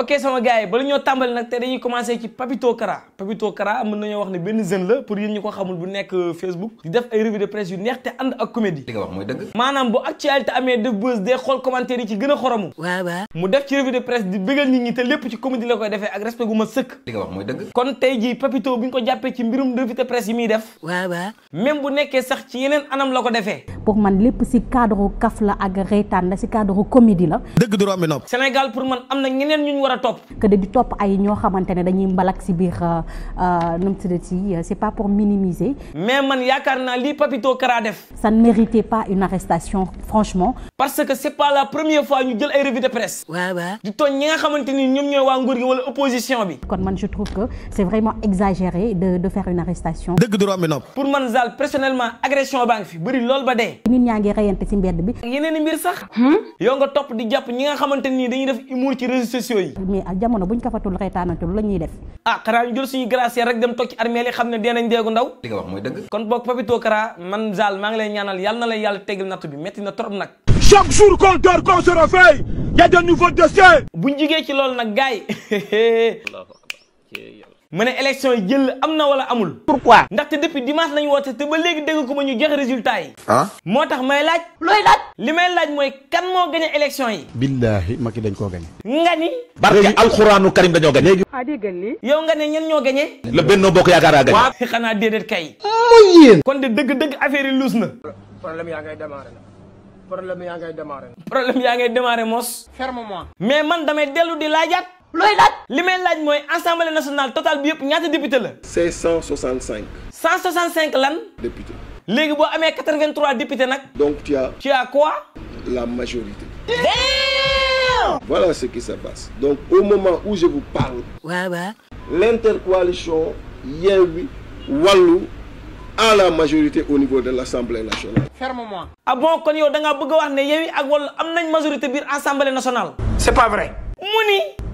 ok sama gars yi bala ñoo tàmbali nag te dañuy commencé ci Papito Kara Papito Kara mën nañoo wax ne benn jeune la pour yéen ñi ko xamul bu nekk euh, Facebook di def ay revue de presse yu neex te ànd ak comédie maanaam bu actualité amee def buzz day xool commentaire yi ci gën xoromu mu def ci revue de presse di bëggal nit ñi te lépp ci comédie la koy defee ak respect gu ma sëkk li nga wax mooy dëgg kon tey jii Papito bi ñu ko jàppee ci mbirum revue de presse yi na ñeneen ñu war a topp. que di topp ay ñoo xamante ne dañuy mbalak si biir euh, euh, nu mu tuddati euh, c'est pas pour minimiser. mais man yaakaar naa lii Papito Kara def. ça ne méritait pas une arrestation franchement. parce que c'est pas la première fois ñu jël ay revue de presse. waaw waaw di tooñ ñi nga xamante ni ñoom ñooy waa nguur gi wala opposition bi. kon man je trouve que c'est vraiment exagéré de de faire une arrestation. dëgg du romb nopp. pour man Zal personnellement agression baa ngi fi bëri lool ba dee. nit ñaa ngi reyante si mbedd bi. yeneen mbir sax. Hmm? yow nga topp di jàpp ñi nga xamante ni dañuy def humour ci réseaux sociaux yi. reconnaître mais ak jamono buñ kafatul reetaanatul la ñuy def ah a xanaa ñu jël suñu gracier rek dem toog ci armée ne deenañ deegu ndaw li nga wax mooy dëgg man Zal maa ngi ñaanal yàlla na la yàlla tegal natt bi métti na trop nag chaque jour qu'on dort qu'on se réveille y a de nouveaux dossiers jigee ci loolu nag gars ma ne élection yi jël am na wala amul. pourquoi. ndaxte depuis dimanche lañu woote te ba léegi dégg ko ma ñu joxe résultat yi. ah. moo tax may laaj. looy laaj. li may laaj mooy kan moo gañe élection yi. billaahi Macky dañ koo gañe. nga ni. barke alxuraanu Karim dañoo gañe. léegi. ah dégg yow nga ne ñen ñoo gañe. la Benno Bokk Yaakaar a gañe. xanaa déedéet kay. muy yéen. kon de dëgg-dëgg affaire yi luus na. problème yaa ngay démarrer problème yaa ngay démarrer. problème yaa ngay démarrer mos. ferme-moi. mais man damay dellu di laajaat. looy laaj nationale total bi yëpp ñaata député la. 565. 165 lan. député. Légui bo 83 députés nak. donc tu as. tu as quoi. la majorité. Damn! voilà ce qui se passe donc au moment où je vous parle. ouais. ouais. l'intercoalition Yewi à la majorité au niveau de l'Assemblée nationale. ferme-moi. ah bon kon yow da nga bëgg wax né Yewi ak am nañ majorité bir Assemblée nationale. c'est pas vrai. Mouni.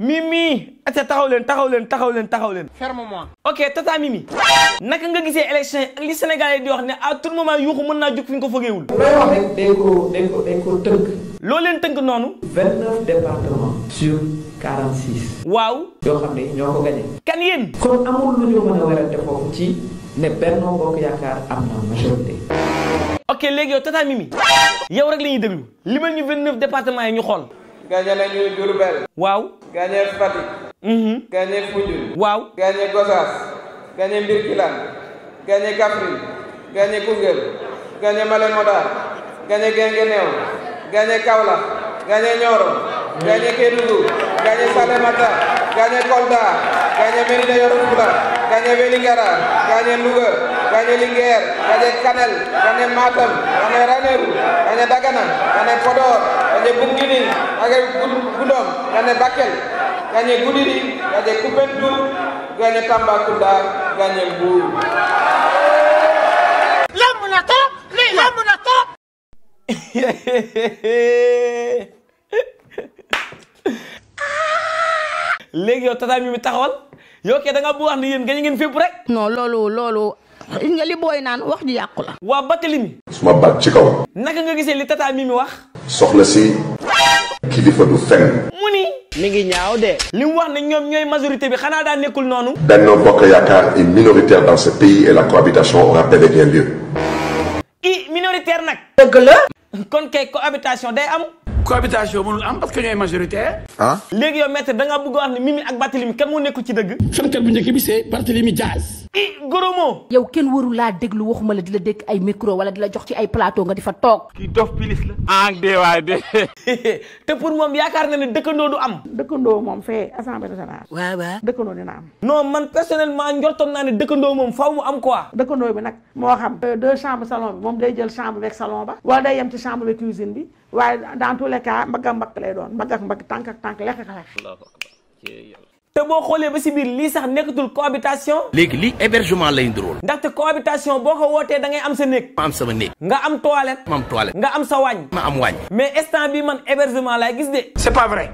Mimi aca taxaw leen taxaw leen taxaw leen taxaw leen ferme ok tata Mimi naka nga gisee élection yi ak li Sénégal di wax ne à tout moment yuuxu mën naa jóg fi ñu ko fëgeewul vraiment dañ ko dañ ko dañ ko tënk loo leen tënk noonu vingt-neuf départements sur 46 waaw yoo xam ne ñoo ko gagné kan yéen kon amul lu ñu mën a werante foofu ci ne Benno Bokk Yaakaar am na majorité ok léegi yow tata Mimi yow rek la ñuy déglu limal ñu vingt-neuf départements yi ñu xool gañe nañu Diourbel. waaw. gañe Fatick. Mhm. gañe Foundiougne. waaw. gañe Gossas. gañe Birkilane. gañe Kaffrine. gañe Koungheul. gañe Malem Hodar. gañe Guinguinéo. gañe Kaolack. gañe Nioro. gañe gagne salem mata, gagne Kolda gagne merida Yoro gagne velingara gagne luga gagne gagné gagne Kanel gagne Matam gagne Ranérou gagne Dagana gagne Podor gagne bungini gagné Goudomp gagne Bakel gagne Goudiri gagne kupendu gagne tamba gagné gagne lamb na toog lii lamb léegi yow tata mi taxawal yow kay da nga bu wax ni yeen gañ ngeen fepp rek. non lolu lolu nga li boy nan wax ji yakku la. wa battali mi. suma bat ci kaw. naka nga gisee li tata mi wax. soxna si kilifa du fen. muni mi ngi ñaaw de. li mu wax ni ñom ñoy majorité bi xanaa daa nekkul noonu. no Bokk yakkar est minoritaire dans ce pays et la cohabitation aura bel et bien lieu. i minoritaire nak? deug la. kon kay cohabitation day am. cohabitation mënul am parce que ñooy majoritaire. ah. léegi yow maître da ngaa bëgg a wax ne Mimi ak Barthélémy kan moo nekkul ci dëgg. fenkat bu njëkk bi c'est Barthélémy Diaz. i goro moo. yow kenn warul laa déglu waxuma la di la dégg ay micro wala di la jox ci ay plateau nga di fa toog. kii dof pilis la. ah dee waay dee. te pour moom yaakaar na ne dëkkandoo du am. dëkkandoo moom fee assemblée nationale. waaw waaw dëkkandoo na am. no man personnellement njortoon naa ne dëkkandoo moom faaw am quoi. dëkkandoo bi nag moo xam. Euh, deux chambres salon moom day jël chambre salon ba. wala day yem ci chambre avec cuisine bi waaye dans tous les cas mbagg ak mbagg lay doon mbagg ak mbagg tànk ak tànk lekk ak te bo xolé ba ci bir li sax nekkatul cohabitation léegi lii hébergement lay ndax te cohabitation boko ko da ngay am sa nek ma am sama néeg nga am toilette ma am toilette nga am sa waañ ma am waañ mais instant bi man hébergement lay gis de c'est pas vrai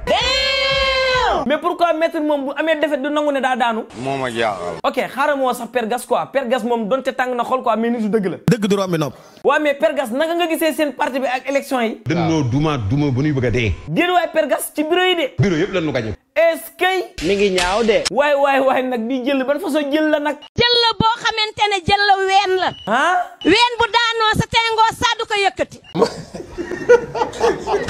mais pourquoi maître amee defet du nangu ne daa daanu moo ma jaaxal ok xaaral moo sax pergas quoi pergas moom donte tàng na xol quoi mais nitu dëgg la dëgg du rombi nopp waaw mais pergas naka nga gisee seen parti bi ak élection yi dënnoo duma duma ba nuy bëgg a dee déen waaye pergas ci bureau yi de bureau yëpp la nu gañe est-ce mi ngi ñaaw de waay waay nag bi jël ban façon jël la nag xamante ne jël la ween la. ah. ween bu daanoo sa tengoo saa ko yëkkati.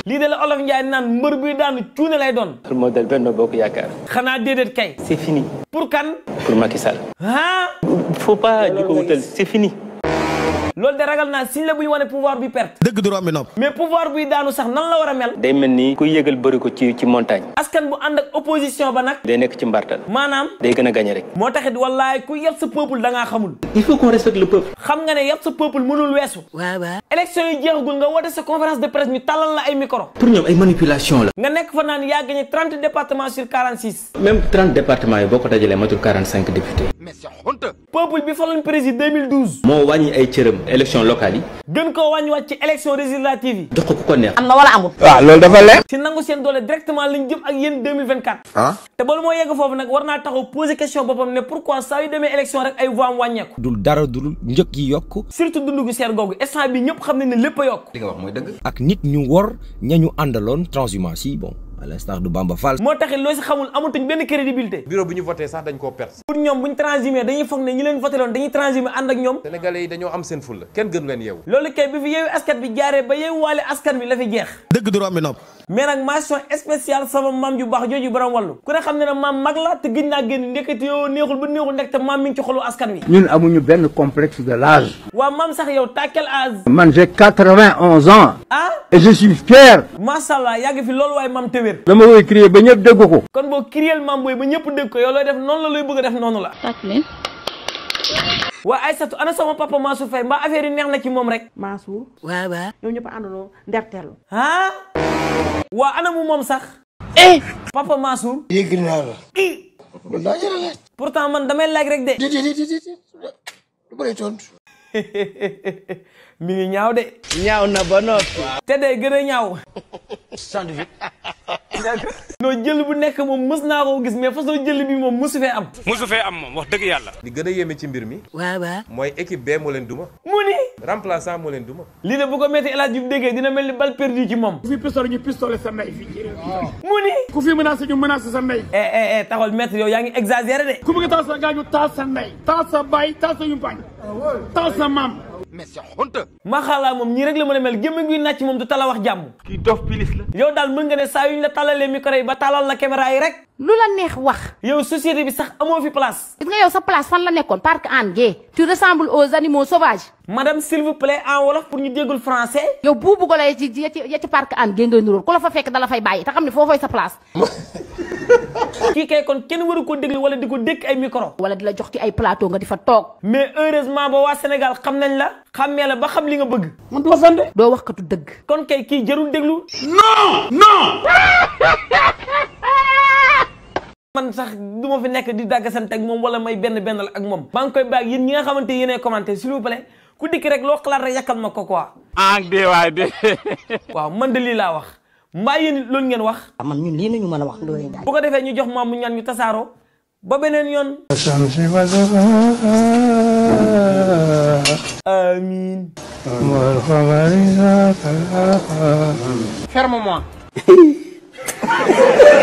lii de la olof Ndiaye naan mbër buy daanu cuune lay doon. loolu moo dal benn bokk yaakaar. xanaa déedéet kay. c'est fini. pour kan. pour Macky Sall. ah. faut pas di ko c'est fini. loolu de ragal na siñ la bu ñu wane pouvoir bi perte dëgg du rombi nopp mais pouvoir buy daanu sax nan la wara mel day mel ni kuy yëgal bëri ko ci ci montagne askan bu and ak opposition ba nak day nekk ci mbartal manam day gëna a rek mo taxit wallahi ku yab sa peuple da nga xamul il faut qu'on respecte le peuple xam nga ne yab sa peuple mënul wessu wa wa election yi jeexagul nga woote sa conférence de presse ñu tàllal la ay micro pour ñom ay manipulation la nga nekk fa naan yaa gagné trente départements sur 46 même 30 départements yi boko ko dajalee matul quarante députés mais c'est honte peuple bi faloon président 2012. moo wàññi ay cëram. élection locale yi. gën koo wàññiwaat ci élection législative yi. jox ko ku ko neex. am na wala amul. waaw loolu dafa leer. ci nangu seen doole directement lañ jëm ak yéen 2024. ah. te bala moo yegg foofu nag war naa taxaw poser question boppam ne pourquoi saa yu demee élection rek ay voix am wàññeeku. dul dara dul njëg yi yokk. surtout dundu gu seer googu instant bi ñëpp xam ne ne lépp a yokk. li ak nit ñu wor ña ñu àndaloon transhumance à l'instar de Bamba je une crédibilité. bureau pour voté sénégalais am mais de l'âge âge man j'ai 91 ans ah? et je suis fier fi dëgër dama koy crier ba ñëpp dégg ko kon boo crier Mame ba ñëpp dégg ko yow looy def noonu la looy bëgg a def noonu la waa Aysatu ana sama papa Mansour Faye mbaa affaire neex na ci moom rek Mansour waaw waaw ñoom ñëpp àndandoo nderteelu ah waa ana mu moom sax eh papa Mansour yëg naa la pourtant man damay laaj rek de déedéet déedéet du bëri tontu mi ngi ñaaw de. ñaaw na ba noppi. te day gën a ñaaw. sandwich. non jël bu nekk moom mës naa ko gis mais façon jël bi moom mosu fee am. mosu fee am moom wax dëgg yàlla. li gën a yéeme ci mbir mi. waaw mooy équipe bee moo leen duma. mu ni. remplaçant moo leen duma. lii ne bu ko métti El Hadj Diouf déggee dina mel ni balle perdue ci moom. ku fi pistole ñu pistole sa ndey fii. mu ni. ku fi menacé ñu menacé sa ndey. eh eh eh taxawal maître yow yaa ngi exagéré de. ku bëgg taal sa gaañu taal sa ndey. taal sa baay taal sa yumpaañ. Ah, mais c'est honteux ma xala mom ñi rek la mën a mel gémmiñ gi nàcc moom du tala wax jamm. Ki dof pilis la yow dal mën nga ne saa yu la talalé micro yi ba talal la caméra yi rek lu la neex wax yow société bi sax amo fi place gis nga yow sa place fan la nekkon parc an gee tu ressembles aux animaux sauvages madame s'il vous plaît en wolof pour ñu déggul français yow buubu ko la ci ya ci parc an gee ngay nuróor ku la fa fekk dala fay bàyyi Ta xamni ne fay sa place ki kay kon ken waru ko wala diko dekk ay micro. wala dila jox ci ay plateau nga difa tok mais heureusement ba wa senegal xam nañ la. xamé la ba xam li nga bëgg. do sande. do wax katu deug kon kay ki jarul deglu non non. man sax duma fi nek di sante ak mom wala may benn benn la ak mom maa ngi koy bag yeen ñi nga xamanteni yene commenter s'il vous plaît ku dik rek lo xalat rek yakal ma quoi. ah de way de waaw man de li la wax. mbaa yéen loolu ngeen wax. Ah, man ñun lii nañu mën a wax Ndoye Ndiaye. bu ko defee ñu jox maam mu ñaan ñu tasaaroo ba beneen yoon. amiin. ferme-moi.